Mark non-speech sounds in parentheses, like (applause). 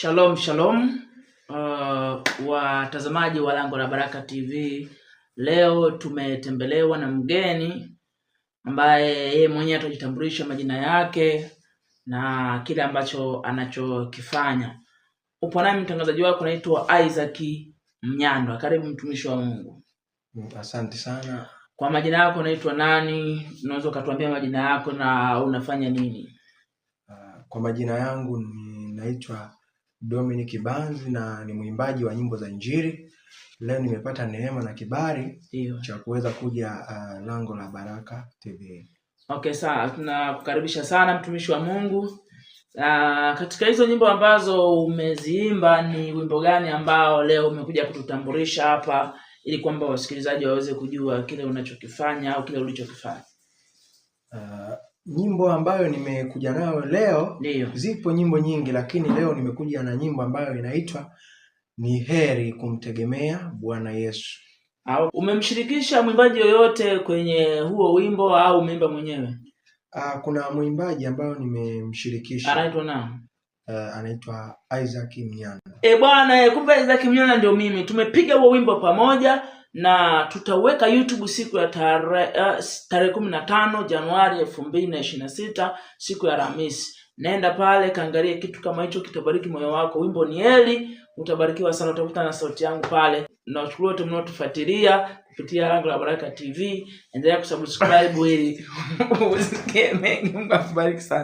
Shalom shalom, uh, watazamaji wa Lango la Baraka TV. Leo tumetembelewa na mgeni ambaye yeye mwenyewe atajitambulisha majina yake na kile ambacho anachokifanya. Upo nami mtangazaji wako naitwa Isaac Mnyandwa. Karibu mtumishi wa Mungu. Asante sana. Kwa majina yako unaitwa nani? Unaweza ukatuambia majina yako na unafanya nini? Uh, kwa majina yangu ninaitwa Dominic Banzi na ni mwimbaji wa nyimbo za Injili. Leo nimepata neema na kibali cha kuweza kuja uh, lango la Baraka TV. Okay, sawa. Tunakukaribisha sana mtumishi wa Mungu. Uh, katika hizo nyimbo ambazo umeziimba ni wimbo gani ambao leo umekuja kututambulisha hapa ili kwamba wasikilizaji waweze kujua kile unachokifanya au kile ulichokifanya? Uh, Nyimbo ambayo nimekuja nayo leo, Ndiyo. zipo nyimbo nyingi, lakini leo nimekuja na nyimbo ambayo inaitwa ni heri kumtegemea Bwana Yesu. Au umemshirikisha mwimbaji yoyote kwenye huo wimbo au umeimba mwenyewe? Ah, kuna mwimbaji ambayo nimemshirikisha Anaitwa na Uh, ah, anaitwa Isaac Mnyana. E eh, bwana, eh, kumbe Isaac Mnyana ndio mimi. Tumepiga huo wimbo pamoja na tutaweka YouTube siku ya eh, tarehe kumi na tano Januari elfu mbili na ishirini na sita siku ya Alhamisi. Naenda pale kaangalia kitu kama hicho, kitabariki moyo wako. Wimbo ni eli utabarikiwa sana, utakuta na sauti yangu pale. Nawashukuru wote mnaotufuatilia kupitia Lango la Baraka TV. Endelea kusubscribe ili (laughs) usikie mengi. Mungu akubariki sana.